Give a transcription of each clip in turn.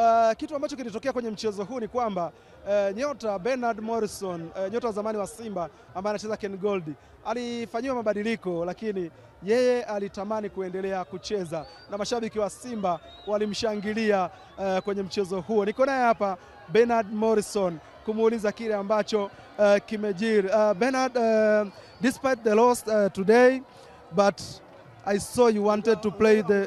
Uh, kitu ambacho kilitokea kwenye mchezo huu ni kwamba uh, nyota Bernard Morrison uh, nyota wa zamani wa Simba ambaye anacheza Ken Gold alifanyiwa mabadiliko, lakini yeye alitamani kuendelea kucheza na mashabiki wa Simba walimshangilia uh, kwenye mchezo huo. Niko naye hapa Bernard Morrison kumuuliza kile ambacho uh, kimejiri. Uh, Bernard, uh, despite the loss uh, today but I saw you wanted to play the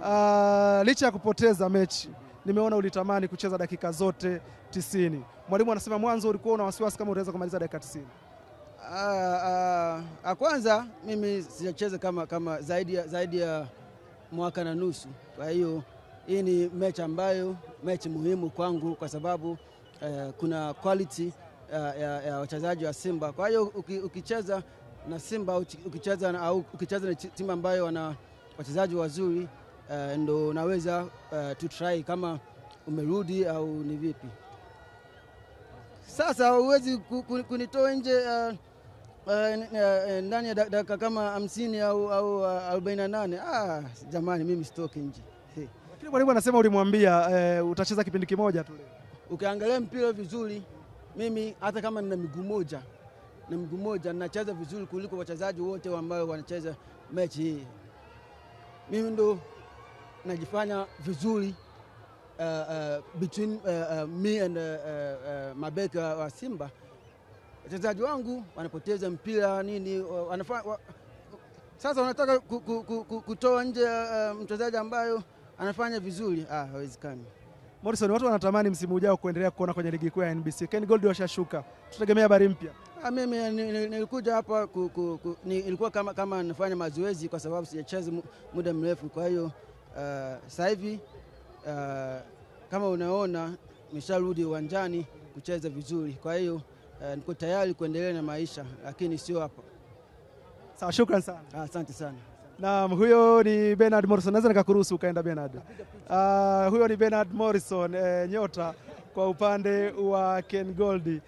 uh, licha ya kupoteza mechi nimeona ulitamani kucheza dakika zote tisini. Mwalimu anasema mwanzo ulikuwa una wasiwasi kama utaweza kumaliza dakika tisini. Uh, uh, kwanza mimi sijacheza kama, kama zaidi ya, zaidi ya mwaka na nusu. Kwa hiyo hii ni mechi ambayo mechi muhimu kwangu kwa sababu uh, kuna quality uh, ya, ya wachezaji wa Simba. Kwa hiyo uki, ukicheza na Simba ukicheza na, au ukicheza na timu ambayo wana wachezaji wazuri uh, ndo unaweza uh, eh, try kama umerudi au ni vipi. Sasa huwezi kunitoa nje uh, Uh, ndani ya dakika kama hamsini au, au arobaini na nane. Ah, jamani mimi sitoki nje. Lakini Mwalimu anasema ulimwambia uh, utacheza kipindi kimoja tu Ukiangalia mpira vizuri, mimi hata kama nina miguu moja na mguu moja nacheza vizuri kuliko wachezaji wote ambao wanacheza mechi hii. Mimi ndo najifanya vizuri uh, uh, between uh, uh, me and uh, uh, uh mabeka wa Simba, wachezaji wangu wanapoteza mpira nini, wanafanya wa, sasa wanataka ku, ku, ku, ku, kutoa nje uh, mchezaji ambayo anafanya vizuri ah, hawezekani. Morrison, watu wanatamani msimu ujao kuendelea kuona kwenye ligi kuu ya NBC. Ken Gold washashuka, tutegemea habari mpya. Ah, mimi nilikuja hapa ku, ku, ku, ni, ilikuwa kama, kama nafanya mazoezi kwa sababu sijacheza muda mrefu, kwa hiyo Eh, sasa hivi uh, kama unaona nimesharudi uwanjani kucheza vizuri, kwa hiyo uh, niko tayari kuendelea na maisha, lakini sio hapa. Sawa, shukrani sana, ah, asante sana. Naam, huyo ni Bernard Morrison. Naweza nikakuruhusu ukaenda Bernard. Uh, huyo ni Bernard Morrison eh, nyota kwa upande wa Ken Goldi.